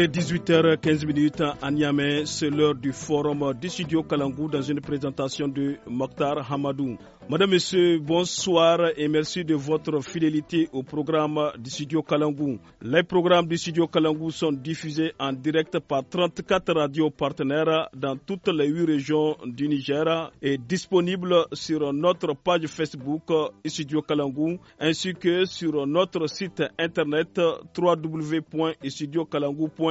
Il 18h15 à Niamey, c'est l'heure du forum du studio Kalangou dans une présentation de Mokhtar Hamadou. Madame, Monsieur, bonsoir et merci de votre fidélité au programme du studio Kalangou. Les programmes du studio Kalangou sont diffusés en direct par 34 radios partenaires dans toutes les huit régions du Niger et disponibles sur notre page Facebook Studio Kalangou ainsi que sur notre site internet www.studiokalangou.com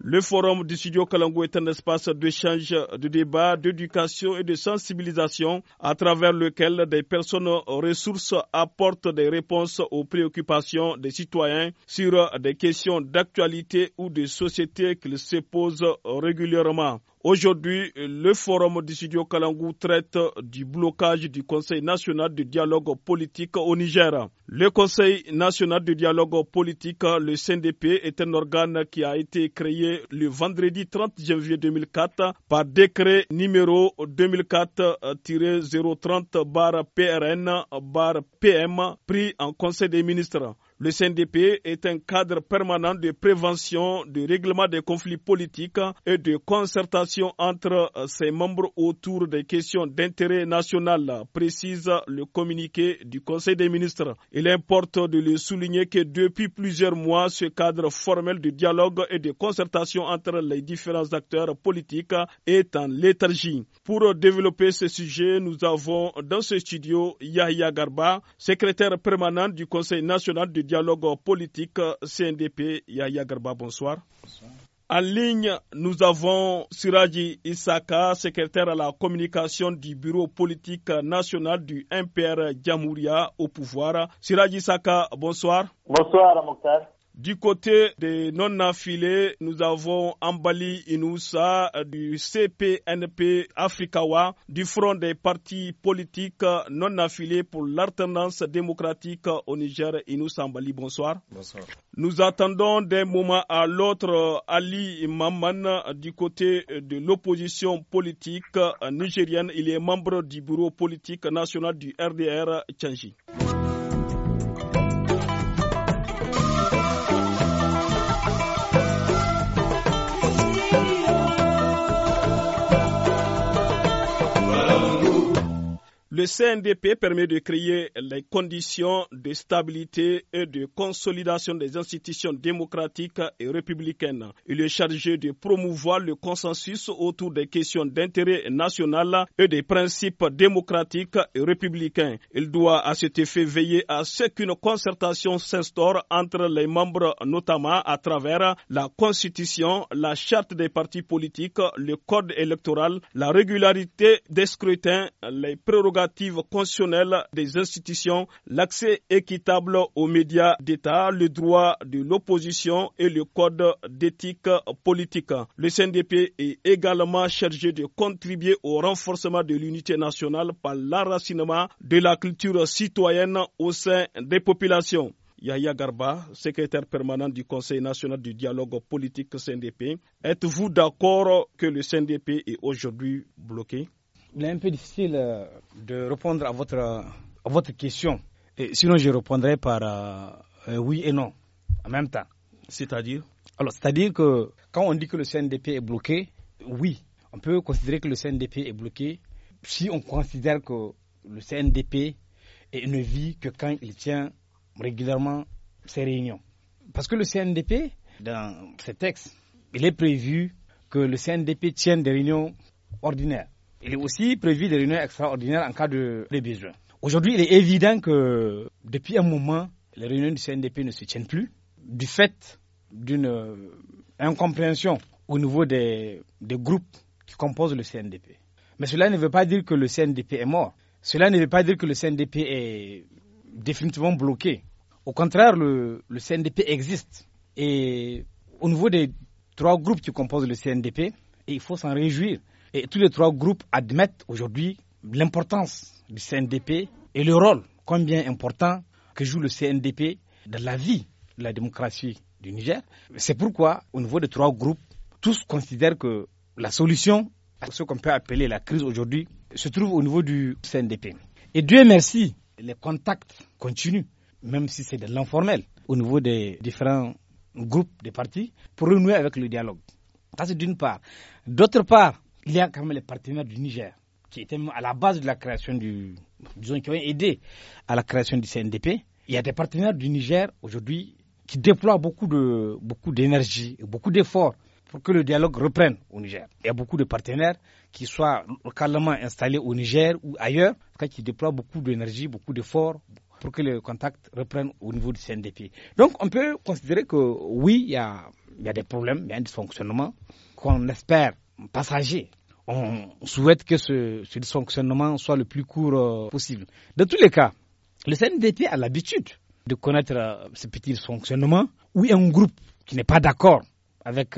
le forum du studio Kalangu est un espace d'échange, de débat, d'éducation et de sensibilisation à travers lequel des personnes ressources apportent des réponses aux préoccupations des citoyens sur des questions d'actualité ou de société qu'ils se posent régulièrement. Aujourd'hui, le forum du studio Kalangou traite du blocage du Conseil national de dialogue politique au Niger. Le Conseil national de dialogue politique, le CNDP, est un organe qui a été créé le vendredi 30 janvier 2004 par décret numéro 2004-030 PRN PM pris en Conseil des ministres. Le CNDP est un cadre permanent de prévention, de règlement des conflits politiques et de concertation entre euh, ses membres autour des questions d'intérêt national, précise le communiqué du Conseil des ministres. Il importe de le souligner que depuis plusieurs mois, ce cadre formel de dialogue et de concertation entre les différents acteurs politiques est en léthargie. Pour développer ce sujet, nous avons dans ce studio Yahya Garba, secrétaire permanent du Conseil national de dialogue politique CNDP, Yaya Garba, bonsoir. En ligne, nous avons Siraji Isaka, secrétaire à la communication du Bureau politique national du MPR Djamouria au pouvoir. Siraji Isaka, bonsoir. Bonsoir, du côté des non-affilés, nous avons Ambali Inoussa euh, du CPNP Africawa, du Front des partis politiques non-affilés pour l'alternance démocratique au Niger. Inoussa Ambali, bonsoir. Bonsoir. Nous attendons d'un moment à l'autre euh, Ali Maman euh, du côté de l'opposition politique nigérienne. Il est membre du bureau politique national du RDR Tchangi. Le CNDP permet de créer les conditions de stabilité et de consolidation des institutions démocratiques et républicaines. Il est chargé de promouvoir le consensus autour des questions d'intérêt national et des principes démocratiques et républicains. Il doit à cet effet veiller à ce qu'une concertation s'instaure entre les membres, notamment à travers la Constitution, la charte des partis politiques, le code électoral, la régularité des scrutins, les prérogatives constitutionnelle des institutions, l'accès équitable aux médias d'État, le droit de l'opposition et le code d'éthique politique. Le CNDP est également chargé de contribuer au renforcement de l'unité nationale par l'enracinement de la culture citoyenne au sein des populations. Yahya Garba, secrétaire permanent du Conseil national du dialogue politique CNDP, êtes-vous d'accord que le CNDP est aujourd'hui bloqué il est un peu difficile euh, de répondre à votre, votre question. Et sinon, je répondrai par euh, euh, oui et non en même temps. C'est-à-dire Alors, c'est-à-dire que quand on dit que le CNDP est bloqué, oui, on peut considérer que le CNDP est bloqué si on considère que le CNDP ne vit que quand il tient régulièrement ses réunions. Parce que le CNDP, dans ses textes, il est prévu que le CNDP tienne des réunions ordinaires. Il est aussi prévu des réunions extraordinaires en cas de, besoin. Aujourd'hui, il est évident que depuis un moment, les réunions du CNDP ne se tiennent plus du fait d'une euh, incompréhension au niveau des, groupes qui composent le CNDP. Mais cela ne veut pas dire que le CNDP est mort. Cela ne veut pas dire que le CNDP est définitivement bloqué. Au contraire, le, le, CNDP existe. Et au niveau des trois groupes qui composent le CNDP, il faut s'en réjouir. Et tous les trois groupes admettent aujourd'hui l'importance du CNDP et le rôle combien important que joue le CNDP dans la vie de la démocratie du Niger. C'est pourquoi, au niveau des trois groupes, tous considèrent que la solution à ce qu'on peut appeler la crise aujourd'hui se trouve au niveau du CNDP. Et Dieu merci, les contacts continuent, même si c'est de l'informel, au niveau des différents groupes des partis, pour renouer avec le dialogue. Ça, c'est d'une part. D'autre part, il y a quand même les partenaires du Niger qui étaient à la base de la création du. disons, qui ont aidé à la création du CNDP. Il y a des partenaires du Niger aujourd'hui qui déploient beaucoup d'énergie beaucoup d'efforts pour que le dialogue reprenne au Niger. Il y a beaucoup de partenaires qui soient localement installés au Niger ou ailleurs, qui déploient beaucoup d'énergie, beaucoup d'efforts pour que le contact reprenne au niveau du CNDP. Donc on peut considérer que oui, il y a, il y a des problèmes, il y a un dysfonctionnement qu'on espère passager on souhaite que ce, ce soit le plus court euh, possible. Dans tous les cas, le CNDP a l'habitude de connaître euh, ce petit fonctionnement. où il y a un groupe qui n'est pas d'accord euh, avec,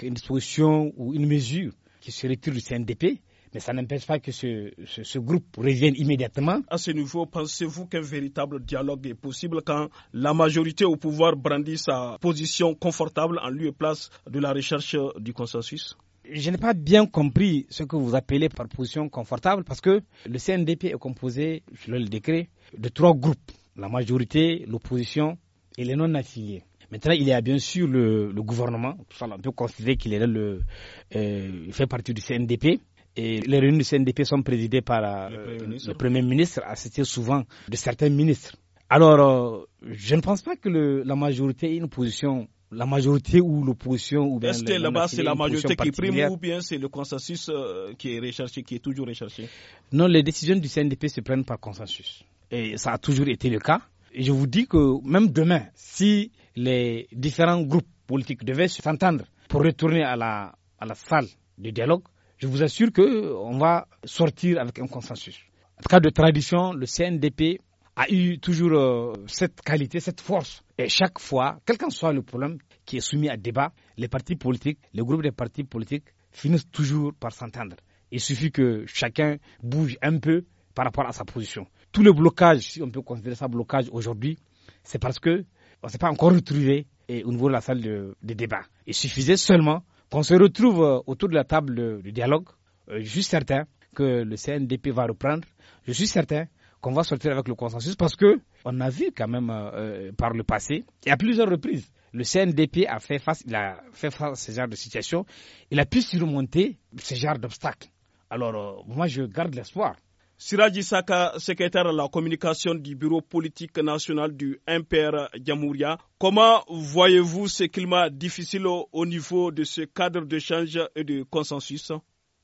une disposition ou une mesure qui se retire du CNDP, mais ça n'empêche pas que ce, ce, groupe revienne immédiatement. À ce niveau, pensez-vous qu'un véritable dialogue est possible quand la majorité au pouvoir brandit sa position confortable en lieu et place de la recherche du consensus je n'ai pas bien compris ce que vous appelez par position confortable parce que le CNDP est composé, selon le décret, de trois groupes la majorité, l'opposition et les non-affiliés. Maintenant, il y a bien sûr le, gouvernement. On peut considérer qu'il euh, fait partie du CNDP. Et les réunions du CNDP sont présidées par euh, le, premier ministre, assisté souvent de certains ministres. Alors, euh, je ne pense pas que la majorité ait une position la majorité ou l'opposition ou bien Est-ce que là-bas c'est la majorité qui prime ou bien c'est le consensus euh, qui est recherché, qui est toujours recherché Non, les décisions du CNDP se prennent par consensus. Et ça a toujours été le cas. Et je vous dis que même demain, si les différents groupes politiques devaient s'entendre pour retourner à la, à la salle de dialogue, je vous assure qu'on va sortir avec un consensus. En cas, de tradition, le CNDP a eu toujours euh, cette qualité, cette force. Et chaque fois, quel qu'en soit le problème qui est soumis à débat, les partis politiques, les groupes des partis politiques finissent toujours par s'entendre. Il suffit que chacun bouge un peu par rapport à sa position. Tout le blocage, si on peut considérer ça blocage aujourd'hui, c'est parce que on ne s'est pas encore retrouvé eh, au niveau de la salle de, de débat. Il suffisait seulement qu'on se retrouve euh, autour de la table du dialogue. Euh, je suis certain que le CNDP va reprendre. Je suis certain qu'on va sortir avec le consensus parce que on a vu quand même euh, euh, par le passé, et à plusieurs reprises, le CNDP a fait face, il a fait face à ce genre de situation, il a pu surmonter ce genre d'obstacles. Alors, euh, moi, je garde l'espoir. Siraji Saka, secrétaire à la communication du Bureau politique national du MPR Djamouria, comment voyez-vous ce climat difficile au niveau de ce cadre de change et de consensus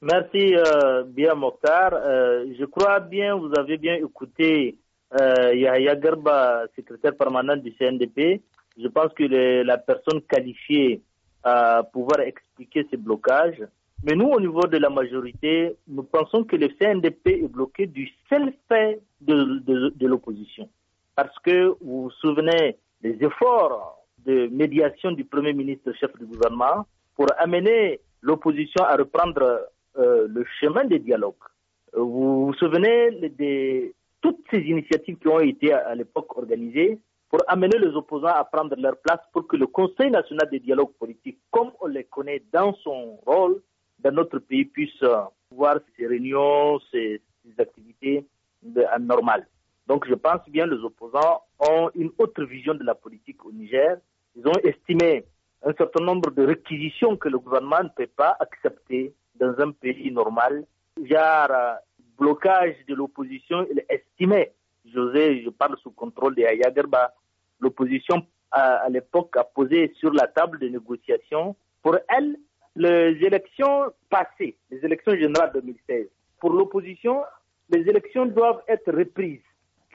Merci euh, bien euh, je crois bien, vous avez bien écouté euh, Yahya Gerba, secrétaire permanent du CNDP. Je pense que la personne qualifiée à pouvoir expliquer ce blocage. Mais nous, au niveau de la majorité, nous pensons que le CNDP est bloqué du seul fait de, de l'opposition. Parce que vous vous souvenez des efforts de médiation du Premier ministre, chef du gouvernement, pour amener l'opposition à reprendre euh, le chemin des dialogues. Euh, vous vous souvenez de toutes ces initiatives qui ont été à, l'époque organisées pour amener les opposants à prendre leur place pour que le Conseil national des dialogues politiques, comme on les connaît dans son rôle dans notre pays, puisse euh, voir ses réunions, ses, activités normales. Donc je pense bien les opposants ont une autre vision de la politique au Niger. Ils ont estimé un certain nombre de réquisitions que le gouvernement ne peut pas accepter dans un pays normal, un blocage de l'opposition, il estimait, José, je parle sous contrôle de Ayagerba, l'opposition à, l'époque a posé sur la table de négociation pour elle les élections passées, les élections générales 2016. Pour l'opposition, les élections doivent être reprises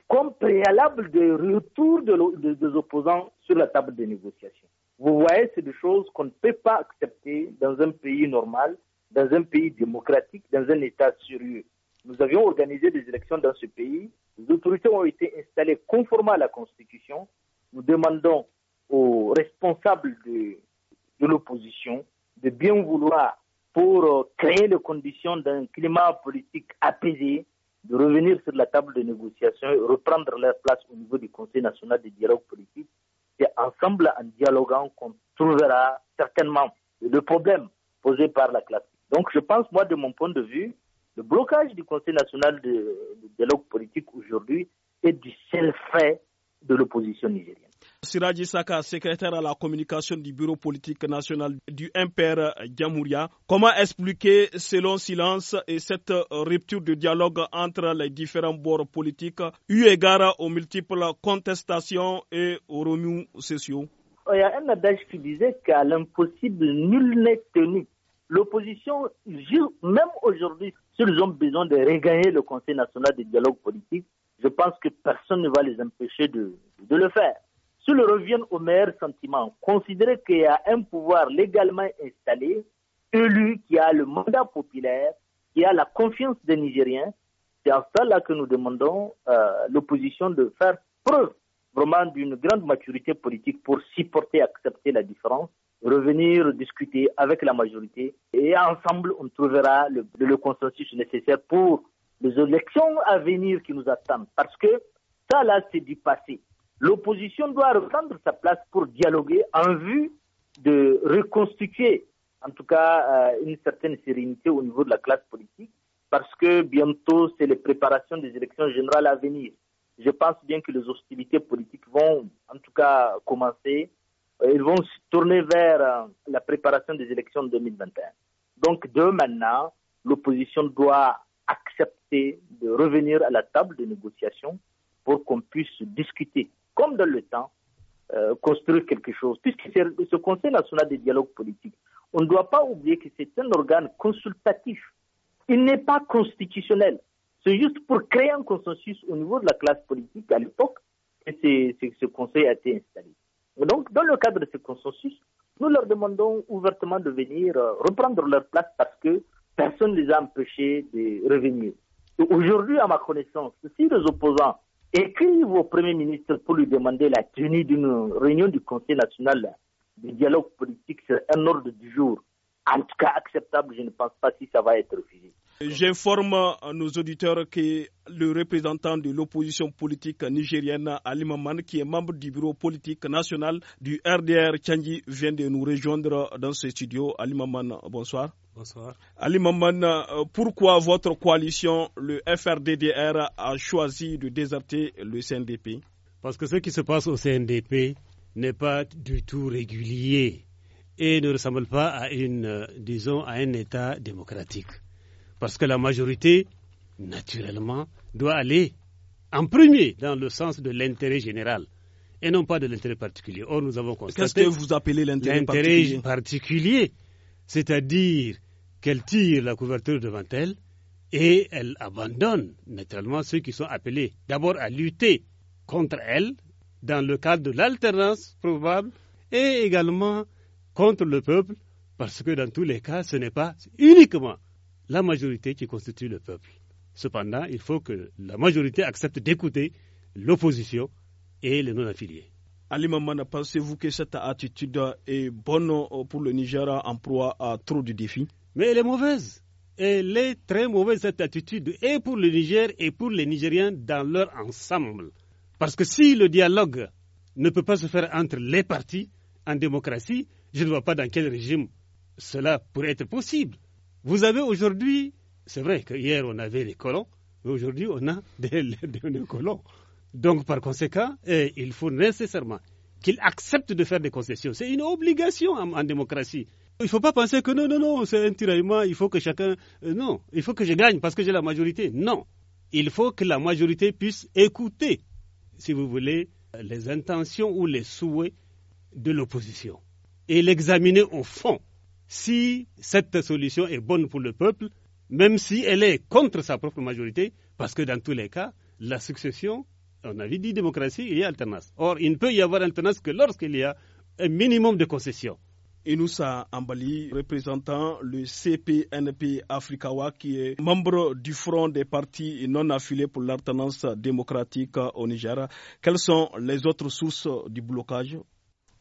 comme préalable de retour de des opposants sur la table de négociation. Vous voyez, c'est des choses qu'on ne peut pas accepter dans un pays normal dans un pays démocratique, dans un État sérieux. Nous avions organisé des élections dans ce pays. Les autorités ont été installées conformément à la Constitution. Nous demandons aux responsables de, l'opposition de bien vouloir, pour euh, créer les conditions d'un climat politique apaisé, de revenir sur la table de négociation et reprendre leur place au niveau du Conseil national de dialogue politique. C'est ensemble, en dialoguant, qu'on trouvera certainement le problème posé par la classe donc je pense, moi, de mon point de vue, le blocage du Conseil national de, dialogue politique aujourd'hui est du seul fait de l'opposition nigérienne. Siraji Saka, secrétaire à la communication du Bureau politique national du MPR Djamouria, comment expliquer, ce long Silence, et cette rupture de dialogue entre les différents bords politiques, eu égard aux multiples contestations et aux remous sociaux Il y a un adage qui disait qu'à l'impossible, nul n'est tenu l'opposition, même aujourd'hui, s'ils ont besoin de regagner le Conseil national des dialogue politique, je pense que personne ne va les empêcher de, le faire. S'ils reviennent au meilleur sentiment, considérer qu'il y a un pouvoir légalement installé, élu, qui a le mandat populaire, qui a la confiance des Nigériens, c'est à cela que nous demandons à euh, l'opposition de faire preuve vraiment d'une grande maturité politique pour supporter et accepter la différence revenir discuter avec la majorité et ensemble on trouvera le, le consensus nécessaire pour les élections à venir qui nous attendent. Parce que ça là c'est du passé. L'opposition doit reprendre sa place pour dialoguer en vue de reconstituer en tout cas euh, une certaine sérénité au niveau de la classe politique parce que bientôt c'est les préparations des élections générales à venir. Je pense bien que les hostilités politiques vont en tout cas commencer ils vont se tourner vers euh, la préparation des élections de 2021. Donc, de maintenant, l'opposition doit accepter de revenir à la table de négociation pour qu'on puisse discuter, comme dans le temps, euh, construire quelque chose. Puisque ce Conseil national des dialogues politiques, on ne doit pas oublier que c'est un organe consultatif. Il n'est pas constitutionnel. C'est juste pour créer un consensus au niveau de la classe politique à l'époque que ce Conseil a été installé. Donc, dans le cadre de ce consensus, nous leur demandons ouvertement de venir euh, reprendre leur place parce que personne ne les a empêchés de revenir. Aujourd'hui, à ma connaissance, si les opposants écrivent au Premier ministre pour lui demander la tenue d'une réunion du Conseil national du dialogue politique sur un ordre du jour, en tout cas acceptable, je ne pense pas si ça va être refusé. J'informe nos auditeurs que le représentant de l'opposition politique nigérienne, Ali Maman, qui est membre du bureau politique national du RDR Tchangi, vient de nous rejoindre dans ce studio. Ali Maman, bonsoir. Bonsoir. Ali Maman, pourquoi votre coalition, le FRDDR, a choisi de déserter le CNDP Parce que ce qui se passe au CNDP n'est pas du tout régulier et ne ressemble pas à une, euh, disons, à un État démocratique. Parce que la majorité, naturellement, doit aller en premier dans le sens de l'intérêt général et non pas de l'intérêt particulier. Or, nous avons constaté. Qu'est-ce que vous appelez l'intérêt particulier, particulier c'est-à-dire qu'elle tire la couverture devant elle et elle abandonne naturellement ceux qui sont appelés d'abord à lutter contre elle dans le cadre de l'alternance probable et également contre le peuple parce que dans tous les cas, ce n'est pas uniquement la majorité qui constitue le peuple. Cependant, il faut que la majorité accepte d'écouter l'opposition et les non-affiliés. Ali Mamana, pensez-vous que cette attitude est bonne pour le Niger en proie à trop de défis Mais elle est mauvaise. Elle est très mauvaise, cette attitude, et pour le Niger et pour les Nigériens dans leur ensemble. Parce que si le dialogue ne peut pas se faire entre les partis en démocratie, je ne vois pas dans quel régime cela pourrait être possible. Vous avez aujourd'hui, c'est vrai que hier on avait les colons, mais aujourd'hui on a des, colons. Donc par conséquent, il faut nécessairement qu'ils acceptent de faire des concessions. C'est une obligation en, démocratie. Il ne faut pas penser que non, non, non, c'est un tiraillement, il faut que chacun... Euh, non, il faut que je gagne parce que j'ai la majorité. Non, il faut que la majorité puisse écouter, si vous voulez, les intentions ou les souhaits de l'opposition et l'examiner au fond si cette solution est bonne pour le peuple, même si elle est contre sa propre majorité, parce que dans tous les cas, la succession, on avait dit démocratie, il y a alternance. Or, il ne peut y avoir alternance que lorsqu'il y a un minimum de concessions. Inoussa Ambali, représentant le CPNP Africawa, qui est membre du Front des partis non affiliés pour l'alternance démocratique au Niger. Quelles sont les autres sources du blocage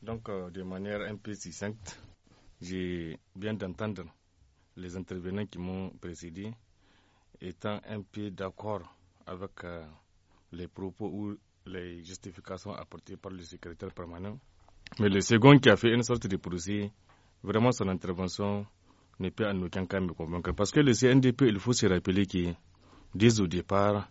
Donc, euh, de manière un peu succincte, j'ai bien d'entendre les intervenants qui m'ont précédé étant un peu d'accord avec euh, les propos ou les justifications apportées par le secrétaire permanent. Mais le second qui a fait une sorte de procès, vraiment son intervention ne peut en aucun cas me convaincre. Parce que le CNDP, il faut se rappeler que, dès au départ,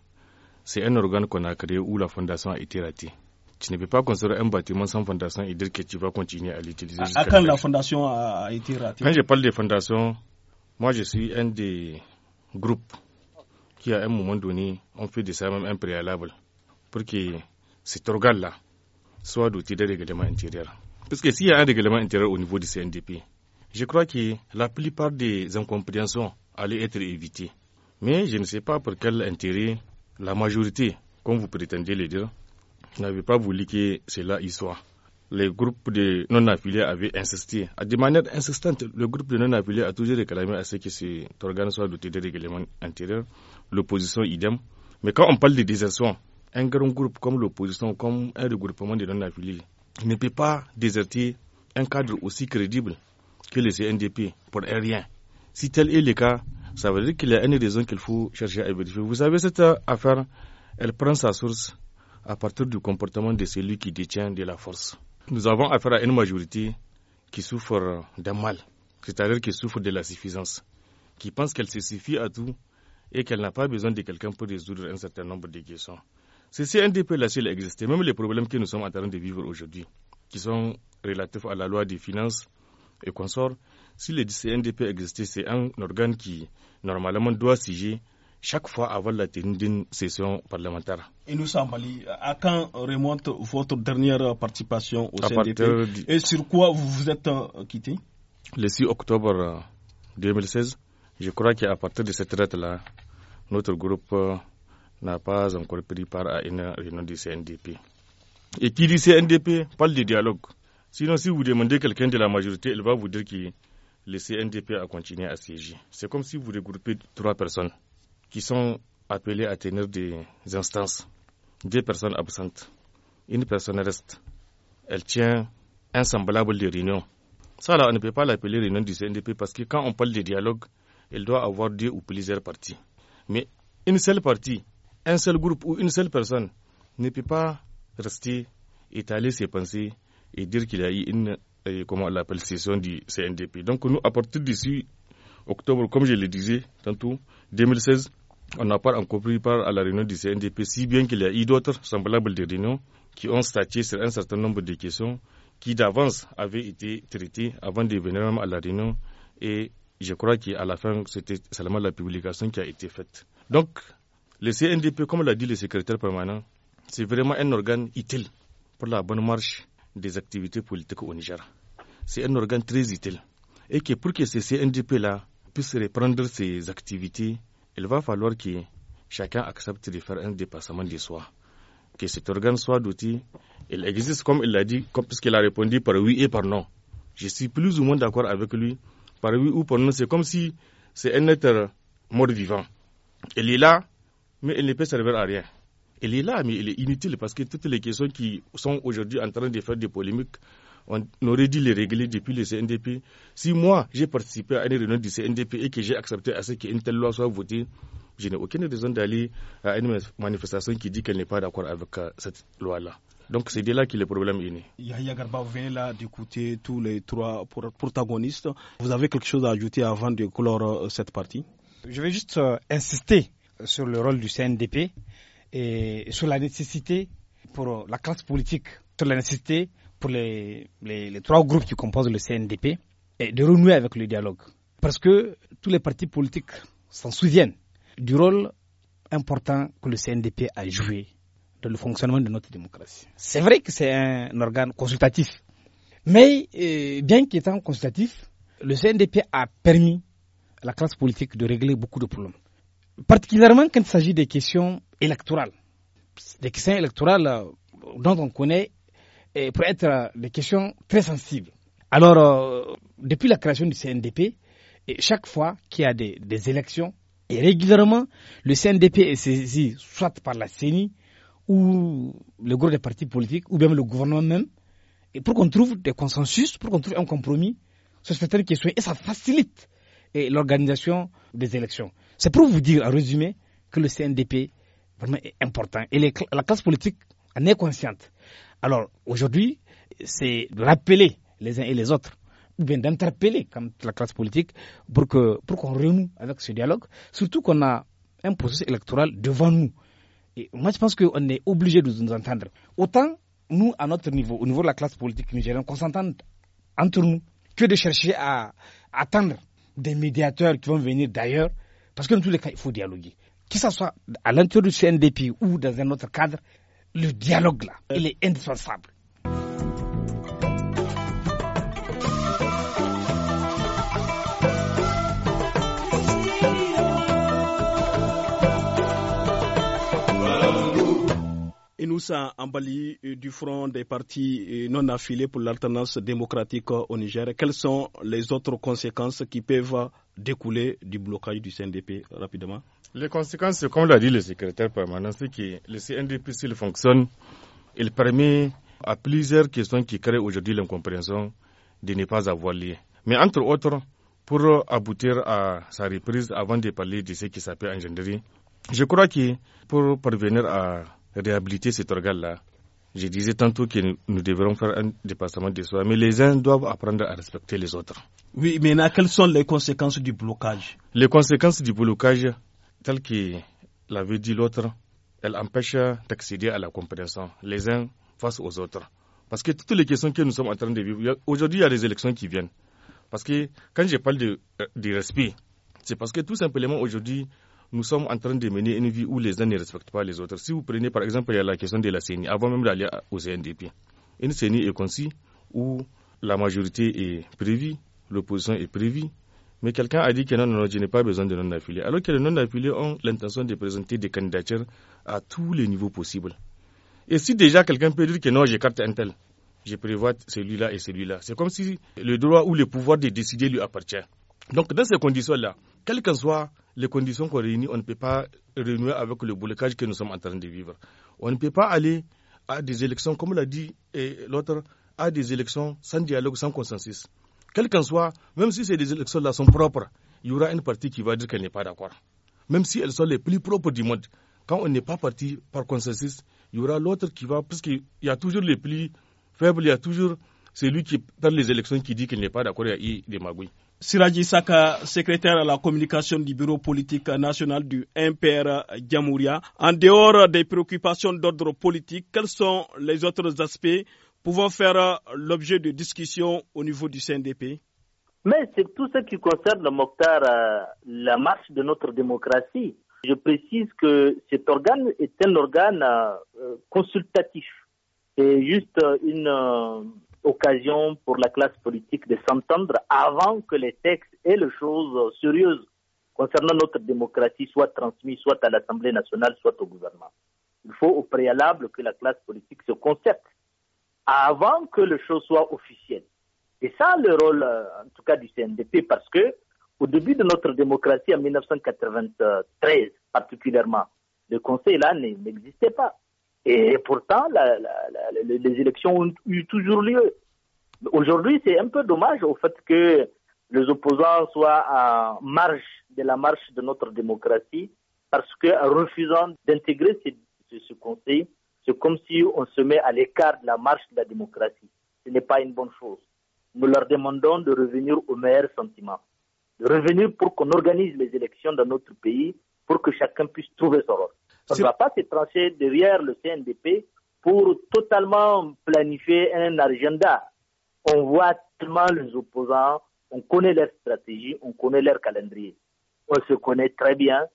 c'est un organe qu'on a créé où la fondation a été ratée tu ne peux pas construire un bâtiment sans fondation et dire que tu vas continuer à l'utiliser. quand la fondation a été ratée Quand je parle de fondation, moi je suis un des groupes qui à un moment donné ont fait de ça même un préalable pour que cet organe-là soit doté de règlement intérieur. Parce que s'il y a un règlement intérieur au niveau du CNDP, je crois que la plupart des incompréhensions allaient être évitées. Mais je ne sais pas pour quel intérêt la majorité, comme vous prétendez le dire, n'avait pas voulu que cela y soit. Les groupes de non-affiliés avaient insisté. Ah, de manière insistante, le groupe de non-affiliés a toujours réclamé à ce que cet organe soit doté des règlements intérieurs, l'opposition idem. Mais quand on parle de désertion, un grand groupe comme l'opposition, comme un regroupement de non-affiliés, ne peut pas déserter un cadre aussi crédible que le CNDP pour rien. Si tel est le cas, ça veut dire qu'il y a une raison qu'il faut chercher à vérifier. Vous savez, cette affaire, elle prend sa source à partir du comportement de celui qui détient de la force. Nous avons affaire à une majorité qui souffre d'un mal, c'est-à-dire qui souffre de la suffisance, qui pense qu'elle se suffit à tout et qu'elle n'a pas besoin de quelqu'un pour résoudre un certain nombre de questions. Ce CNDP, là s'il existait, même les problèmes que nous sommes en train de vivre aujourd'hui, qui sont relatifs à la loi des finances et consorts, si le CNDP existait, c'est un organe qui normalement doit siéger chaque fois avant la tenue d'une session parlementaire. Et nous sommes euh, à quand remonte votre dernière participation au CNDP Et sur quoi vous vous êtes euh, quitté Le 6 octobre 2016, euh, je crois qu'à partir de cette date-là, notre groupe n'a pas encore pris part à une réunion du CNDP. Et qui dit CNDP parle de dialogue. Sinon, si vous demandez quelqu'un de la majorité, il va vous dire que le CNDP a continué à siéger. C'est comme si vous regroupez trois personnes qui sont appelés à tenir des instances. Deux personnes absentes. Une personne reste. Elle tient un semblable de réunion. Ça, là, on ne peut pas l'appeler réunion du CNDP parce que quand on parle de dialogue, elle doit avoir deux ou plusieurs parties. Mais une seule partie, un seul groupe ou une seule personne ne peut pas rester étaler ses pensées et dire qu'il y a eu une, euh, comment on l'appelle, session du CNDP. Donc nous, à partir d'ici, octobre, comme je le disais tantôt, 2016, on n'a pas encore pris part à la réunion du CNDP, si bien qu'il y a eu d'autres semblables de réunions qui ont statué sur un certain nombre de questions qui d'avance avaient été traitées avant de venir à la réunion. Et je crois qu'à la fin, c'était seulement la publication qui a été faite. Donc, le CNDP, comme l'a dit le secrétaire permanent, c'est vraiment un organe utile pour la bonne marche des activités politiques au Niger. C'est un organe très utile. Et que pour que ce CNDP-là puisse reprendre ses activités, il va falloir que chacun accepte de faire un dépassement de soi. Que cet organe soit doté, il existe comme il l'a dit, puisqu'il a répondu par oui et par non. Je suis plus ou moins d'accord avec lui. Par oui ou par non, c'est comme si c'est un être mort vivant. Il est là, mais il ne peut servir à rien. Il est là, mais il est inutile parce que toutes les questions qui sont aujourd'hui en train de faire des polémiques on aurait dû les régler depuis le CNDP. Si moi, j'ai participé à une réunion du CNDP et que j'ai accepté à ce qu'une telle loi soit votée, je n'ai aucune raison d'aller à une manifestation qui dit qu'elle n'est pas d'accord avec euh, cette loi-là. Donc c'est de là que le problème est né. Yahya Garba, vous venez là d'écouter tous les trois protagonistes. Vous avez quelque chose à ajouter avant de clore euh, cette partie Je vais juste euh, insister sur le rôle du CNDP et sur la nécessité pour la classe politique, sur la nécessité pour les, les, trois groupes qui composent le CNDP et de renouer avec le dialogue. Parce que tous les partis politiques s'en souviennent du rôle important que le CNDP a joué dans le fonctionnement de notre démocratie. C'est vrai que c'est un organe consultatif, mais euh, bien qu'étant consultatif, le CNDP a permis à la classe politique de régler beaucoup de problèmes. Particulièrement quand il s'agit des questions électorales. Des questions électorales euh, dont on connaît pour être euh, des questions très sensibles. Alors, euh, depuis la création du CNDP, et chaque fois qu'il y a des, élections, et régulièrement, le CNDP est saisi soit par la CENI, ou le groupe des partis politiques, ou bien le gouvernement même, et pour qu'on trouve des consensus, pour qu'on trouve un compromis sur certaines questions, et ça facilite l'organisation des élections. C'est pour vous dire, en résumé, que le CNDP vraiment est important. Et la classe politique en est consciente. Alors aujourd'hui, c'est rappeler les uns et les autres ou bien d'interpeller la classe politique pour qu'on pour qu'on renoue avec ce dialogue, surtout qu'on a un processus électoral devant nous. Et moi, je pense qu'on est obligé de nous entendre. Autant, nous, à notre niveau, au niveau de la classe politique nigérienne, qu'on s'entende entre nous, que de chercher à attendre des médiateurs qui vont venir d'ailleurs, parce que dans tous les cas, il faut dialoguer. Que ce soit à l'intérieur du CNDP ou dans un autre cadre, le dialogue là, il est indispensable. Et nous Inoussa emballé euh, du Front des partis euh, non affiliés pour l'alternance démocratique au Niger. Quelles sont les autres conséquences qui peuvent découler du blocage du CNDP rapidement les conséquences, comme l'a dit le secrétaire permanent, c'est que le CNDP, s'il fonctionne, il permet à plusieurs questions qui créent aujourd'hui l'incompréhension de ne pas avoir lieu. Mais entre autres, pour aboutir à sa reprise, avant de parler de ce qui s'appelle engendrer, je crois que pour parvenir à réhabiliter cet organe-là, je disais tantôt que nous devrons faire un dépassement de soi, mais les uns doivent apprendre à respecter les autres. Oui, mais quelles sont les conséquences du blocage Les conséquences du blocage, tel que l'avait dit l'autre, elle empêche d'accéder à la compréhension les uns face aux autres. Parce que toutes les questions que nous sommes en train de vivre, aujourd'hui il y a des élections qui viennent. Parce que quand je parle de, euh, respect, c'est parce que tout simplement aujourd'hui, nous sommes en train de mener une vie où les uns ne respectent pas les autres. Si vous prenez par exemple y la question de la CENI, avant même d'aller au CNDP, une CENI est conçue où la majorité est prévue, l'opposition est prévue, mais quelqu'un a dit que non, non, je n'ai pas besoin de non-affiliés. Alors que les non-affiliés ont l'intention de présenter des candidatures à tous les niveaux possibles. Et si déjà quelqu'un peut dire que non, j'écarte un tel, je prévois celui-là et celui-là. C'est comme si le droit ou le pouvoir de décider lui appartient. Donc, dans ces conditions-là, quelles que soient les conditions qu'on réunit, on ne peut pas réunir avec le blocage que nous sommes en train de vivre. On ne peut pas aller à des élections, comme l'a dit l'autre, à des élections sans dialogue, sans consensus. Quel qu'en soit, même si ces élections-là sont propres, il y aura une partie qui va dire qu'elle n'est pas d'accord. Même si elles sont les plus propres du monde. Quand on n'est pas parti par consensus, il y aura l'autre qui va, parce qu'il y a toujours les plus faibles, il y a toujours celui qui, dans les élections, qui dit qu'il n'est pas d'accord avec des magouilles. Siraji Saka, secrétaire à la communication du bureau politique national du MPR Djamouria. En dehors des préoccupations d'ordre politique, quels sont les autres aspects pouvant faire euh, l'objet de discussions au niveau du CNDP Mais c'est tout ce qui concerne le moctar euh, la marche de notre démocratie. Je précise que cet organe est un organe euh, consultatif. C'est juste une occasion pour la classe politique de s'entendre avant que les textes et les choses sérieuses concernant notre démocratie soient transmis soit à l'Assemblée nationale, soit au gouvernement. Il faut au préalable que la classe politique se concerte avant que les choses soient officielles. Et ça, le rôle, euh, en tout cas, du CNDP, parce que au début de notre démocratie, en 1993 particulièrement, le Conseil-là n'existait pas. Et pourtant, la, les élections ont eu toujours lieu. Aujourd'hui, c'est un peu dommage au fait que les opposants soient en marge de la marche de notre démocratie parce qu'en refusant d'intégrer ce Conseil, comme si on se met à l'écart de la marche de la démocratie. Ce n'est pas une bonne chose. Nous leur demandons de revenir au meilleur sentiment, de revenir pour qu'on organise les élections dans notre pays, pour que chacun puisse trouver son rôle. On ne va pas se trancher derrière le CNDP pour totalement planifier un agenda. On voit tellement les opposants, on connaît leur stratégie, on connaît leur calendrier. On se connaît très bien.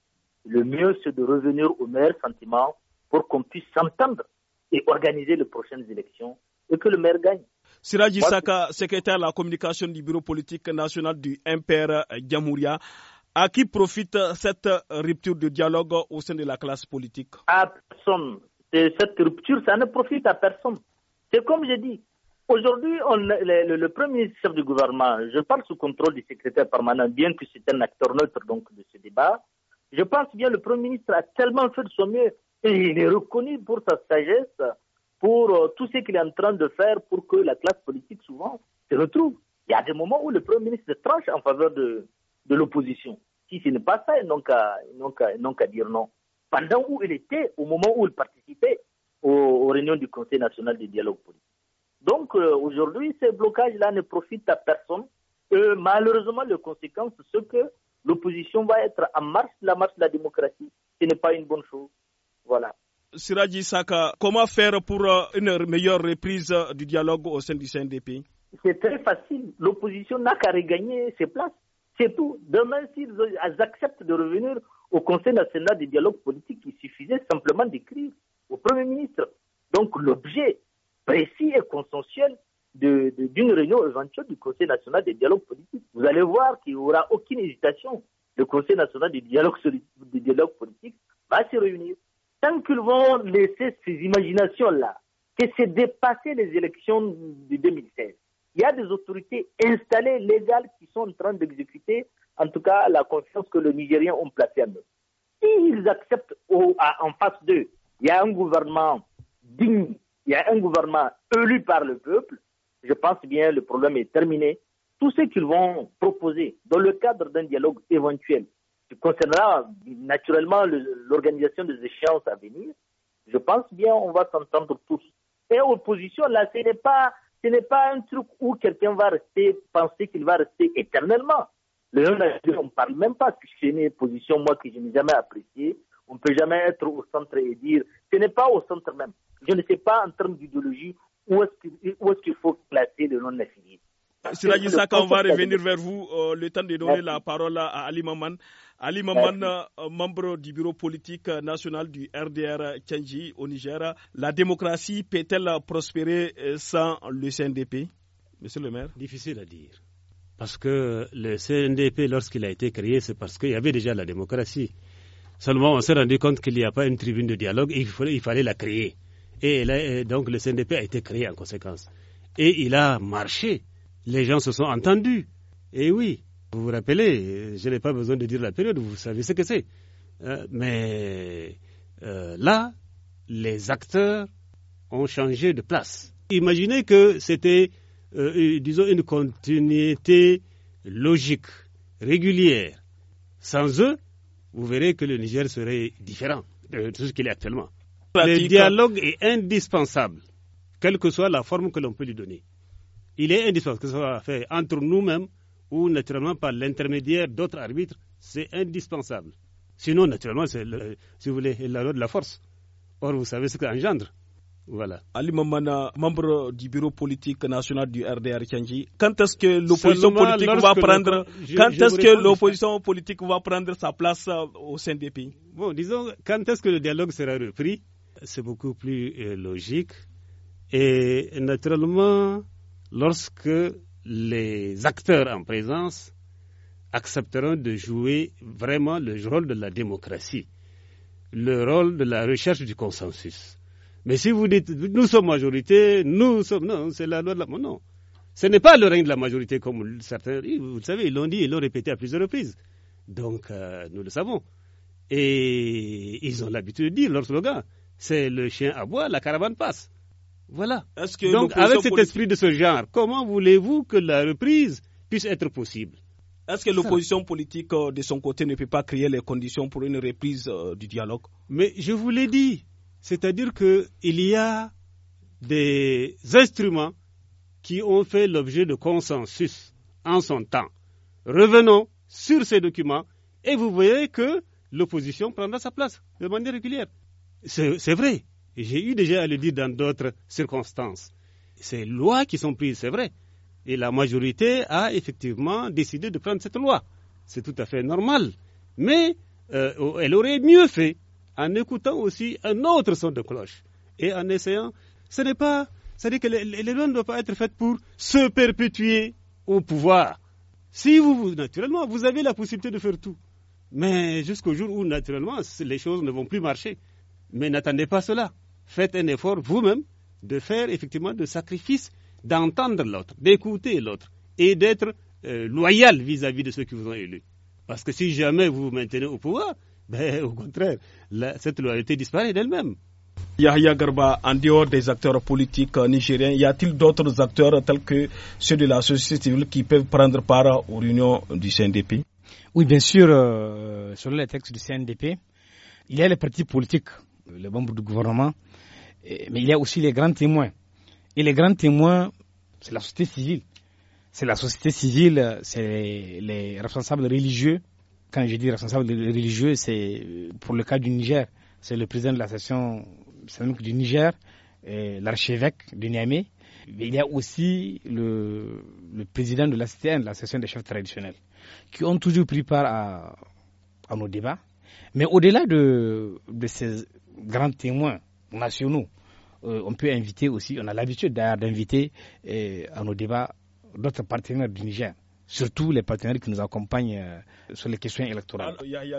Le mieux, c'est de revenir au meilleur sentiment pour qu'on puisse s'entendre et organiser les prochaines élections et que le maire gagne. Siraji Saka, secrétaire à la communication du bureau politique national du MPR euh, Djamouria, à qui profite cette rupture de dialogue au sein de la classe politique À personne. cette rupture, ça ne profite à personne. C'est comme j'ai dit. Aujourd'hui, le, premier ministre du gouvernement, je parle sous contrôle du secrétaire permanent, bien que c'est un acteur neutre donc de ce débat, je pense bien le Premier ministre a tellement fait de son mieux et il est reconnu pour sa sagesse, pour euh, tout ce qu'il est en train de faire pour que la classe politique, souvent, se retrouve. Il y a des moments où le Premier ministre tranche en faveur de, l'opposition. Si ce n'est pas ça, ils n'ont qu'à dire non. Pendant où il était, au moment où il participait aux, réunions du Conseil national de dialogue politique. Donc euh, aujourd'hui, ces blocages-là ne profite à personne. malheureusement, les conséquences, c'est que l'opposition va être en marche, la marche de la démocratie. Ce n'est pas une bonne chose. Voilà. Siraji Saka, comment faire pour euh, une meilleure reprise euh, du dialogue au sein du CNDP C'est très facile. L'opposition n'a qu'à regagner ses places. C'est tout. Demain, s'ils acceptent de revenir au Conseil national des dialogues politiques, il suffisait simplement d'écrire au Premier ministre. Donc l'objet précis et consensuel d'une réunion éventuelle du Conseil national des dialogues politiques. Vous allez voir qu'il n'y aura aucune hésitation. Le Conseil national des dialogues politiques va se réunir tant qu'ils vont laisser ces imaginations-là, que c'est dépasser les élections de 2016, il y a des autorités installées, légales, qui sont en train d'exécuter, en tout cas, la confiance que les Nigériens ont placée en eux. S'ils acceptent en face d'eux, il y a un gouvernement digne, il y a un gouvernement élu par le peuple, je pense bien le problème est terminé. Tout ce qu'ils vont proposer dans le cadre d'un dialogue éventuel, qui concernera naturellement l'organisation des échéances à venir, je pense bien on va s'entendre tous. Et opposition, là, ce n'est pas, ce n'est pas un truc où quelqu'un va rester, penser qu'il va rester éternellement. le on ne parle même pas que c'est une position, moi, que je n'ai jamais appréciée. On ne peut jamais être au centre et dire, ce n'est pas au centre même. Je ne sais pas en termes d'idéologie où est-ce qu'il faut placer le non-affilié. Siraji Saka, on va revenir vers vous. Euh, le temps de donner la parole à Ali Maman. Ali Maman, euh, membre du bureau politique national du RDR Tchangi au Niger, la démocratie peut-elle prospérer euh, sans le CNDP Monsieur le maire Difficile à dire. Parce que le CNDP, lorsqu'il a été créé, c'est parce qu'il y avait déjà la démocratie. Seulement, on s'est rendu compte qu'il n'y a pas une tribune de dialogue il fallait, fallait la créer. et donc, le CNDP a été créé en conséquence. Et il a marché les gens se sont entendus. Et oui, vous vous rappelez, euh, je n'ai pas besoin de dire la période, vous savez ce que c'est. Euh, mais euh, là, les acteurs ont changé de place. Imaginez que c'était, disons, une continuité logique, régulière. Sans eux, vous verrez que le Niger serait différent de ce qu'il est actuellement. Le dialogue est indispensable, quelle que soit la forme que l'on peut lui donner il est indispensable que ce soit fait entre nous-mêmes ou naturellement par l'intermédiaire d'autres arbitres. C'est indispensable. Sinon, naturellement, c'est, si vous voulez, la loi de la force. Or, vous savez ce engendre Voilà. Ali Mamana, membre du bureau politique national du RDR Tchangi, quand est-ce que l'opposition politique va prendre, quand est-ce que l'opposition politique va prendre sa place euh, au sein des pays Bon, disons, quand est-ce que le dialogue sera repris C'est beaucoup plus euh, logique. Et naturellement, lorsque les acteurs en présence accepteront de jouer vraiment le rôle de la démocratie, le rôle de la recherche du consensus. Mais si vous dites nous sommes majorité, nous sommes non, c'est la loi de la non. Ce n'est pas le règne de la majorité comme certains, vous le savez, ils l'ont dit, ils l'ont répété à plusieurs reprises. Donc euh, nous le savons. Et ils ont l'habitude de dire leur slogan, c'est le chien à aboie, la caravane passe. Voilà. Donc, avec cet esprit de ce genre, comment voulez-vous que la reprise puisse être possible Est-ce que l'opposition politique, euh, de son côté, ne peut pas créer les conditions pour une reprise euh, du dialogue Mais je vous l'ai dit, c'est-à-dire qu'il y a des instruments qui ont fait l'objet de consensus en son temps. Revenons sur ces documents et vous voyez que l'opposition prendra sa place de manière régulière. C'est vrai, j'ai eu déjà à le dire dans d'autres circonstances. Ces lois qui sont prises, c'est vrai. Et la majorité a effectivement décidé de prendre cette loi. C'est tout à fait normal. Mais euh, oh, elle aurait mieux fait en écoutant aussi un autre son de cloche et en essayant. Ce n'est pas. C'est-à-dire que les, les lois ne doivent pas être faites pour se perpétuer au pouvoir. Si vous, naturellement, vous avez la possibilité de faire tout. Mais jusqu'au jour où, naturellement, les choses ne vont plus marcher. Mais n'attendez pas cela faites un effort vous-même de faire effectivement de sacrifice, d'entendre l'autre, d'écouter l'autre et d'être euh, loyal vis-à-vis de ceux qui vous ont élus. Parce que si jamais vous vous maintenez au pouvoir, ben, au contraire, cette loyauté disparaît d'elle-même. Yahya Garba, en dehors des acteurs politiques euh, nigériens, y a-t-il d'autres acteurs tels que ceux de la société civile qui peuvent prendre part aux réunions du CNDP Oui, bien sûr, euh, selon les textes du CNDP, il y a les partis politiques les membres du gouvernement, mais il y a aussi les grands témoins. Et les grands témoins, c'est la société civile. C'est la société civile, c'est les, responsables religieux. Quand je dis responsables religieux, c'est euh, pour le cas du Niger, c'est le président de la session du Niger, l'archevêque de Niamey. Mais il y a aussi le, président de la CTN, la session des chefs traditionnels, qui ont toujours pris part à nos débats, mais au-delà de, ces grands témoins nationaux, euh, on peut inviter aussi, on a l'habitude d'inviter eh, à nos débats d'autres partenaires du Niger surtout les partenaires qui nous accompagnent euh, sur les questions électorales.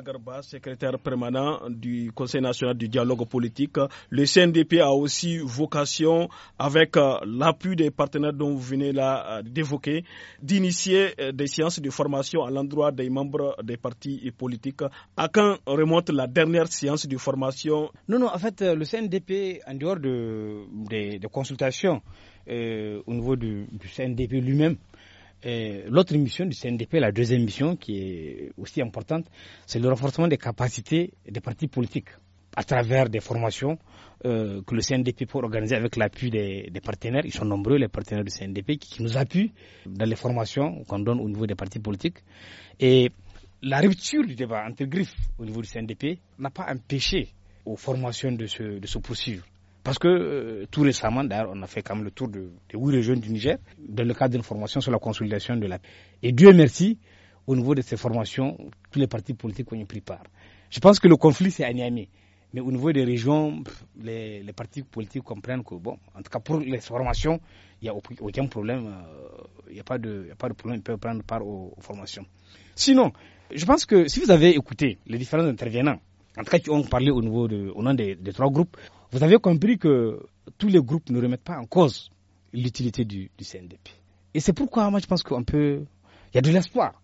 Garba, secrétaire permanent du Conseil national du dialogue politique. Le CNDP a aussi vocation, avec euh, l'appui des partenaires dont vous venez là euh, d'évoquer, d'initier des séances de formation à l'endroit des membres des partis politiques. À quand remonte la dernière séance de formation Non, non, en fait, le CNDP, en dehors de, des consultations au niveau du CNDP lui-même, L'autre mission du CNDP, la deuxième mission qui est aussi importante, c'est le renforcement des capacités des partis politiques à travers des formations euh, que le CNDP peut organiser avec l'appui des, partenaires. Ils sont nombreux, les partenaires du CNDP, qui, nous appuient dans les formations qu'on donne au niveau des partis politiques. Et la rupture du débat entre griffes au niveau du CNDP n'a pas empêché aux formations de se poursuivre. Parce que euh, tout récemment, d'ailleurs, on a fait quand même le tour de, huit régions du Niger dans le cadre d'une formation sur la consolidation de la Et Dieu merci, au niveau de ces formations, tous les partis politiques ont pris part. Je pense que le conflit, s'est animé. Mais au niveau des régions, les, partis politiques comprennent que, bon, en tout cas pour les formations, il n'y a aucun problème, euh, il n'y a, pas de problème, ils peuvent prendre part aux, formations. Sinon, je pense que si vous avez écouté les différents intervenants, en tout cas qui ont parlé au niveau au nom des trois groupes, vous avez compris que tous les groupes ne remettent pas en cause l'utilité du, CNDP. Et c'est pourquoi moi je pense qu'on peut... Il y a de l'espoir.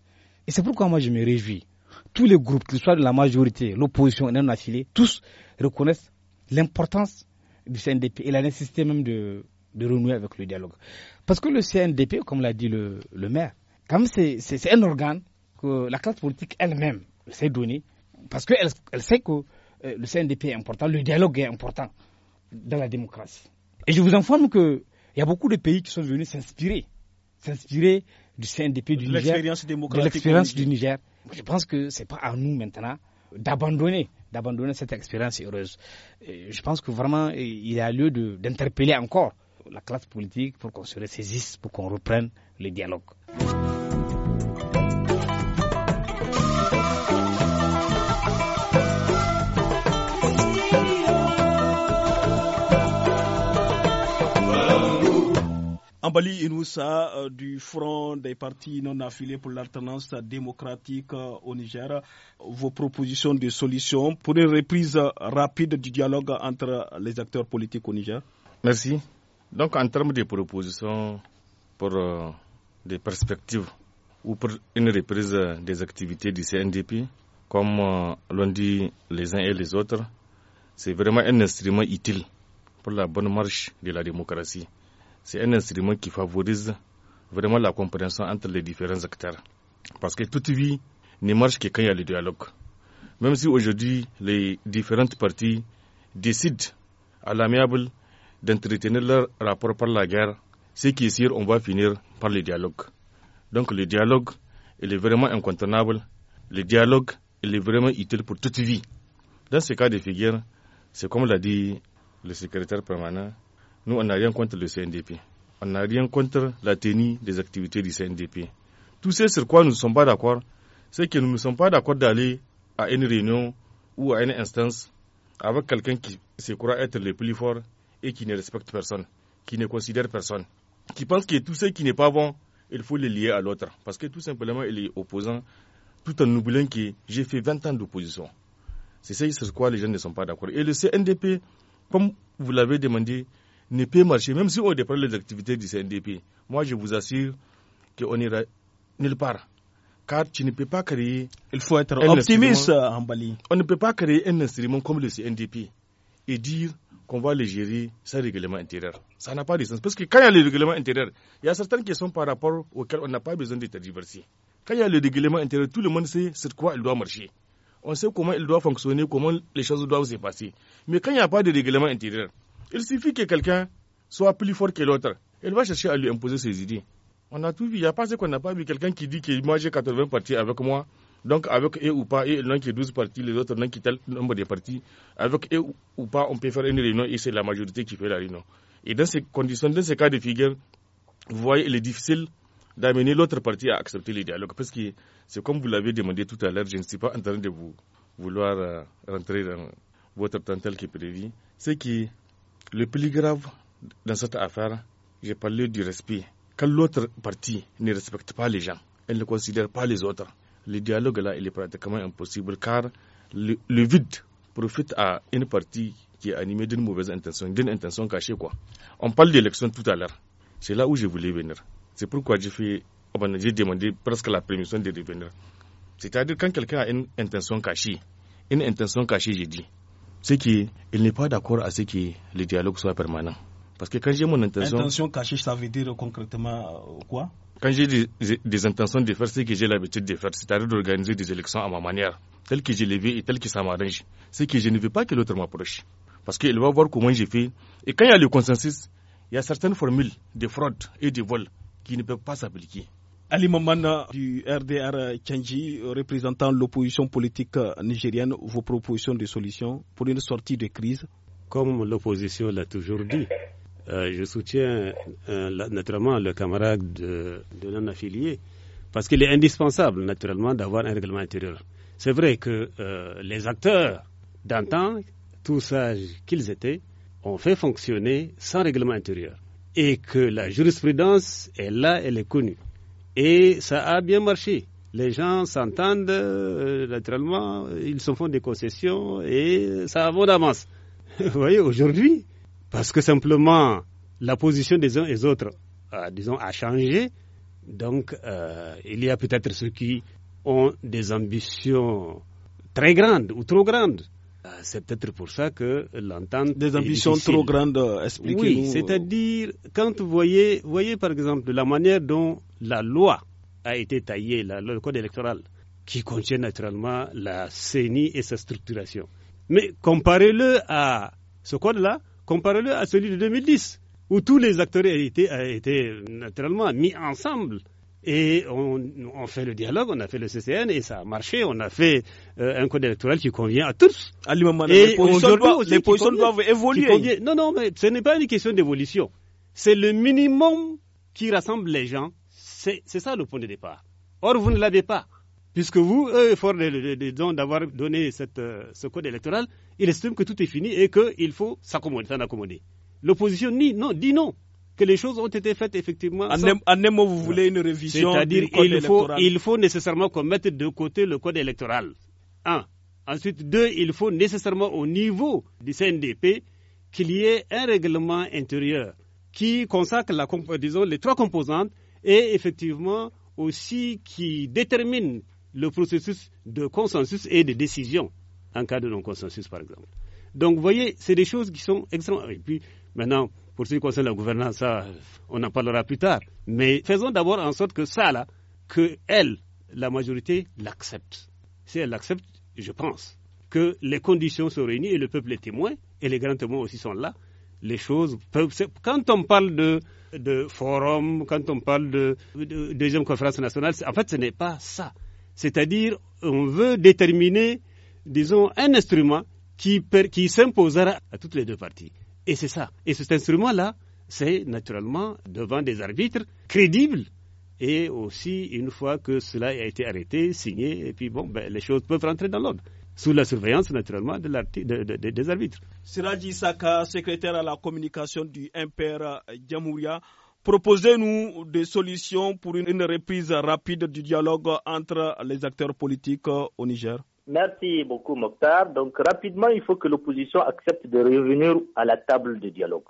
Et c'est pourquoi moi je me réjouis. Tous les groupes, qu'ils soient de la majorité, l'opposition et non affiliés, tous reconnaissent l'importance du CNDP et la nécessité même de, renouer avec le dialogue. Parce que le CNDP, comme l'a dit le, maire, comme c'est un organe que la classe politique elle-même s'est donnée parce qu'elle elle sait que euh, le CNDP est important, le dialogue est important dans la démocratie. Et je vous informe qu'il y a beaucoup de pays qui sont venus s'inspirer, s'inspirer du CNDP du Niger, de l'expérience du Niger. Je pense que ce n'est pas à nous maintenant d'abandonner d'abandonner cette expérience heureuse. je pense que vraiment, il y a lieu d'interpeller encore la classe politique pour qu'on se ressaisisse, pour qu'on reprenne le dialogue. Ambali Inoussa euh, du Front des partis non affiliés pour l'alternance démocratique euh, au Niger, vos propositions de solutions pour une reprise rapide du dialogue entre les acteurs politiques au Niger Merci. Donc en termes de propositions pour euh, des perspectives ou pour une reprise des activités du CNDP, comme l'ont dit les uns et les autres, c'est vraiment un instrument utile pour la bonne marche de la démocratie c'est un instrument qui favorise vraiment la compréhension entre les différents acteurs. Parce que toute vie ne marche que quand il y a le dialogue. Même si aujourd'hui les différentes parties décident à l'amiable d'entretenir leur rapport par la guerre, ce qui est sûr, on va finir par le dialogue. Donc le dialogue, il est vraiment incontournable. Le dialogue, il est vraiment utile pour toute vie. Dans ce cas de figure, c'est comme l'a dit le secrétaire permanent, nous, on n'a rien contre le CNDP. On n'a rien contre la tenue des activités du CNDP. Tout ce sur quoi nous ne sommes pas d'accord, c'est que nous ne sommes pas d'accord d'aller à une réunion ou à une instance avec quelqu'un qui se croit être le plus fort et qui ne respecte personne, qui ne considère personne, qui pense que tout ce qui n'est pas bon, il faut le lier à l'autre. Parce que tout simplement, il est opposant, tout en oubliant que j'ai fait 20 ans d'opposition. C'est ce sur quoi les gens ne sont pas d'accord. Et le CNDP, comme vous l'avez demandé, ne peut marcher, même si on dépend les activités du CNDP. Moi, je vous assure qu'on ira nulle part. Car tu ne peux pas créer. Il faut être optimiste, Ambali. On ne peut pas créer un instrument comme le CNDP et dire qu'on va le gérer sans règlement intérieur. Ça n'a pas de sens. Parce que quand il y a le règlement intérieur, il y a certaines questions par rapport auxquelles on n'a pas besoin d'être diversifié. Quand il y a le règlement intérieur, tout le monde sait sur quoi il doit marcher. On sait comment il doit fonctionner, comment les choses doivent se passer. Mais quand il n'y a pas de règlement intérieur, il suffit que quelqu'un soit plus fort que l'autre. Elle va chercher à lui imposer ses idées. On a tout vu. Il n'y a pas ce qu'on n'a pas vu. Quelqu'un qui dit que moi j'ai 80 parties avec moi, donc avec et ou pas, l'un qui est 12 parties les autres n'ont qui tel nombre de parties avec et ou pas, on peut faire une réunion et c'est la majorité qui fait la réunion. Et dans ces conditions, dans ces cas de figure, vous voyez, il est difficile d'amener l'autre partie à accepter les dialogues. Parce que c'est comme vous l'avez demandé tout à l'heure, je ne suis pas en train de vous vouloir euh, rentrer dans votre temps qui est prévu. C'est qui le plus grave dans cette affaire, j'ai parlé du respect. Quand l'autre partie ne respecte pas les gens, elle ne considère pas les autres, le dialogue là, il est pratiquement impossible car le, vide profite à une partie qui est animée d'une mauvaise intention, d'une intention cachée quoi. On parle d'élection tout à l'heure. C'est là où je voulais venir. C'est pourquoi j'ai oh ben, j'ai demandé presque la permission de revenir. C'est-à-dire quand quelqu'un a une intention cachée, une intention cachée, j'ai dit, c'est qu'il n'est pas d'accord à ce que le dialogue soit permanent. Parce que quand j'ai mon intention... Intention cachée, ça veut dire concrètement euh, quoi Quand j'ai des, intentions de faire ce que j'ai l'habitude de faire, c'est-à-dire d'organiser des élections à ma manière, telle que je l'ai vis et telle que ça m'arrange, c'est que je ne veux pas que l'autre m'approche. Parce qu'il va voir comment j'ai fait. Et quand il y a le consensus, il y a certaines formules de fraude et de vol qui ne peuvent pas s'appliquer. Ali Mamana du RDR Tchangi, représentant l'opposition politique nigérienne, vos propositions de solutions pour une sortie de crise Comme l'opposition l'a toujours dit, euh, je soutiens euh, naturellement le camarade de, l'un affilié parce qu'il est indispensable naturellement d'avoir un règlement intérieur. C'est vrai que euh, les acteurs d'antan, tous sages qu'ils étaient, ont fait fonctionner sans règlement intérieur et que la jurisprudence est là, elle est connue. Et ça a bien marché. Les gens s'entendent, euh, naturellement, ils se font des concessions et ça va d'avance. Vous voyez, aujourd'hui, parce que simplement la position des uns et des autres, euh, disons, a changé, donc euh, il y a peut-être ceux qui ont des ambitions très grandes ou trop grandes euh, c'est peut-être pour ça que l'entente. Des ambitions trop grandes, euh, expliquez-nous. Oui, c'est-à-dire, quand vous voyez, voyez par exemple la manière dont la loi a été taillée, la, le code électoral, qui contient naturellement la CENI et sa structuration. Mais comparez-le à ce code-là, comparez-le à celui de 2010, où tous les acteurs étaient, étaient euh, naturellement mis ensemble et on, on, fait le dialogue, on a fait le CCN et ça a marché, on a fait euh, un code électoral qui convient à tous. À ah, et les positions, doivent, les positions doivent évoluer. non, non, mais ce n'est pas une question d'évolution. C'est le minimum qui rassemble les gens. C'est ça le point de départ. Or, vous ne l'avez pas. Puisque vous, eux, fort d'avoir donné cette, euh, ce code électoral, il estime que tout est fini et qu'il faut s'accommoder, s'en accommoder. L'opposition dit non, dit non que les choses ont été faites effectivement. En, vous voulez une révision C'est-à-dire il faut, il faut nécessairement qu'on mette de côté le code électoral. Un. Ensuite, deux, il faut nécessairement au niveau du CNDP qu'il y ait un règlement intérieur qui consacre la, disons, les trois composantes et effectivement aussi qui détermine le processus de consensus et de décision en cas de non-consensus, par exemple. Donc, vous voyez, c'est des choses qui sont extrêmement. Et puis, maintenant, pour ce qui concerne la gouvernance, ça, on en parlera plus tard. Mais faisons d'abord en sorte que ça, là, que elle, la majorité, l'accepte. Si elle l'accepte, je pense que les conditions sont réunies et le peuple est témoin, et les grands témoins aussi sont là. Les choses peuvent. Quand on parle de, de forum, quand on parle de, de deuxième conférence nationale, en fait, ce n'est pas ça. C'est-à-dire, on veut déterminer, disons, un instrument qui, qui s'imposera à toutes les deux parties. Et c'est ça. Et cet instrument-là, c'est naturellement devant des arbitres crédibles. Et aussi, une fois que cela a été arrêté, signé, et puis bon, ben, les choses peuvent rentrer dans l'ordre sous la surveillance naturellement de de, des arbitres. Siraji Saka, secrétaire à la communication du Imper Djamouria, proposez-nous des solutions pour une reprise rapide du dialogue entre les acteurs politiques au Niger. Merci beaucoup, Mokhtar. Donc, rapidement, il faut que l'opposition accepte de revenir à la table de dialogue.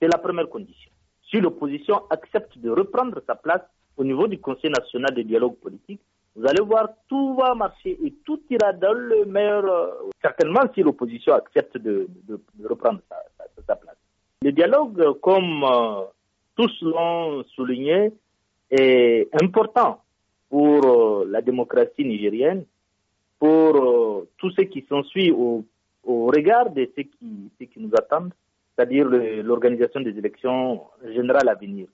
C'est la première condition. Si l'opposition accepte de reprendre sa place au niveau du Conseil national de dialogue politique, vous allez voir, tout va marcher et tout ira dans le meilleur. Euh, certainement, si l'opposition accepte de, reprendre sa, place. Le dialogue, comme euh, tous l'ont souligné, est important pour euh, la démocratie nigérienne pour euh, tous tout ce qui s'ensuit au, au regard de ce qui, qui nous attend, c'est-à-dire l'organisation des élections générales à venir.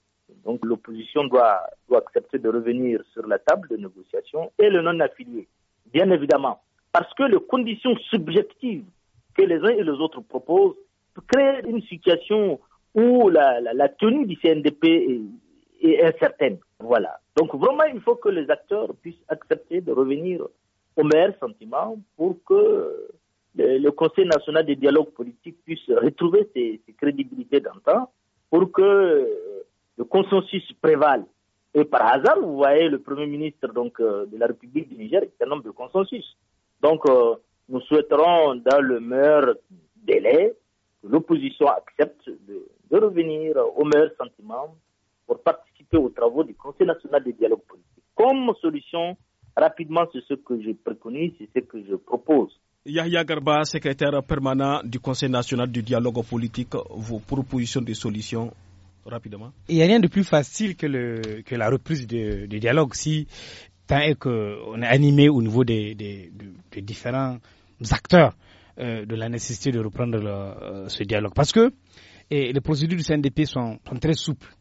Donc l'opposition doit, doit accepter de revenir sur la table de négociation et le non-affilié, bien évidemment, parce que les conditions subjectives que les uns et les autres proposent créent une situation où la, tenue du CNDP est, est incertaine. Voilà. Donc vraiment, il faut que les acteurs puissent accepter de revenir au meilleur sentiment pour que le, Conseil national des dialogues politiques puisse retrouver ses, crédibilités d'antan, pour que le consensus prévale. Et par hasard, vous voyez le Premier ministre donc, euh, de la République du Niger est un homme de consensus. Donc, euh, nous souhaiterons, dans le meilleur délai, que l'opposition accepte de, de revenir au meilleur sentiment pour participer aux travaux du Conseil national des dialogues politiques comme solution Rapidement, c'est ce que je préconise, c'est ce que je propose. Yahya Garba, secrétaire permanent du Conseil national du dialogue politique, vos propositions de solutions rapidement Il n'y a rien de plus facile que, le, que la reprise du dialogue si tant est qu'on est animé au niveau des, des, différents acteurs euh, de la nécessité de reprendre euh, ce dialogue. Parce que et les procédures du CNDP sont, très souples.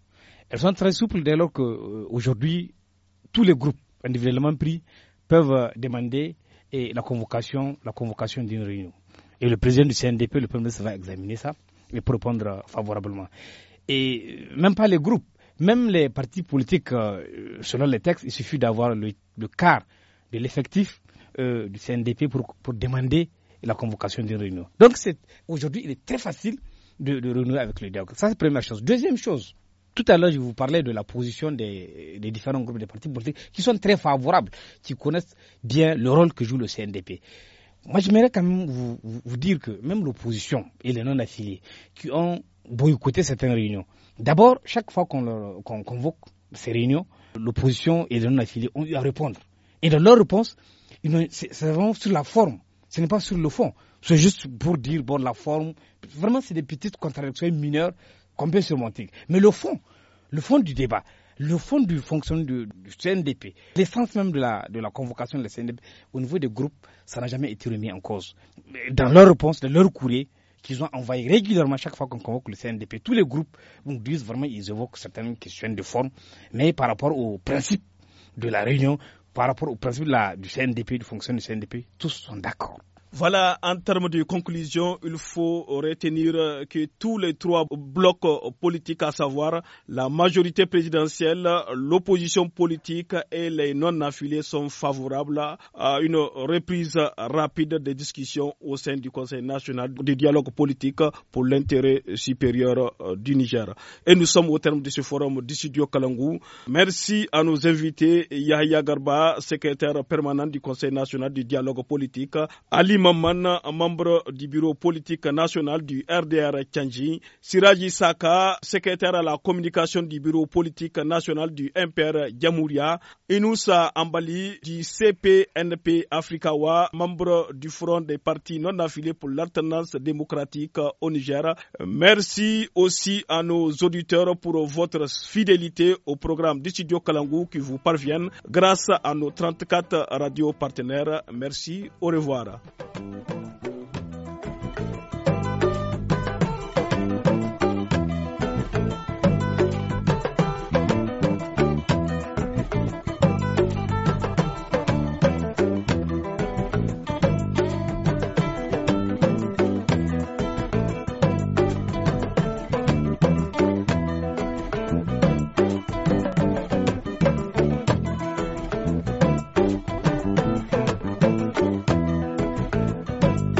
Elles sont très souples dès lors qu'aujourd'hui, euh, tous les groupes individuellement pris peuvent euh, demander la convocation, la convocation d'une réunion. Et le président du CNDP, le Premier ministre, va examiner ça et répondre euh, favorablement. Et euh, même pas les groupes, même les partis politiques, selon les textes, il suffit d'avoir le, quart de l'effectif du CNDP pour, pour, demander la convocation d'une réunion. Donc aujourd'hui, il est très facile de, de réunir avec le dialogue. Ça, c'est la première chose. Deuxième chose, tout à l'heure, je vous parlais de la position des, différents groupes de partis politiques qui sont très favorables, qui connaissent bien le rôle que joue le CNDP. Moi, j'aimerais quand même vous, dire que même l'opposition et les non-affiliés qui ont boycotté certaines réunions, d'abord, chaque fois qu'on convoque ces réunions, l'opposition et les non-affiliés ont eu à répondre. Et dans leur réponse, c'est vraiment sur la forme, ce n'est pas sur le fond. C'est juste pour dire, bon, la forme. Vraiment, c'est des petites contradictions mineures. Combien Mais le fond, le fond du débat, le fond du fonctionnement du, CNDP, l'essence même de la, convocation de CNDP au niveau des groupes, ça n'a jamais été remis en cause. Dans leur réponse, dans leurs courriers qu'ils ont envoyé régulièrement chaque fois qu'on convoque le CNDP, tous les groupes disent vraiment, ils évoquent certaines questions de forme, mais par rapport au principe de la réunion, par rapport au principe du CNDP, du fonctionnement du CNDP, tous sont d'accord. Voilà, en termes de conclusion, il faut retenir que tous les trois blocs politiques, à savoir la majorité présidentielle, l'opposition politique et les non-affiliés, sont favorables à une reprise rapide des discussions au sein du Conseil national du dialogue politique pour l'intérêt supérieur du Niger. Et nous sommes au terme de ce forum du studio Kalangou. Merci à nos invités, Yahya Garba, secrétaire permanent du Conseil national du dialogue politique, Ali Maman, membre du bureau politique national du RDR Tchangi, Siraji Saka, secrétaire à la communication du bureau politique national du MPR Yamouria, Inoussa Ambali du CPNP Africawa, membre du Front des partis non affiliés pour l'alternance démocratique au Niger. Merci aussi à nos auditeurs pour votre fidélité au programme du studio Kalangou qui vous parviennent grâce à nos 34 radios partenaires. Merci, au revoir. Thank you.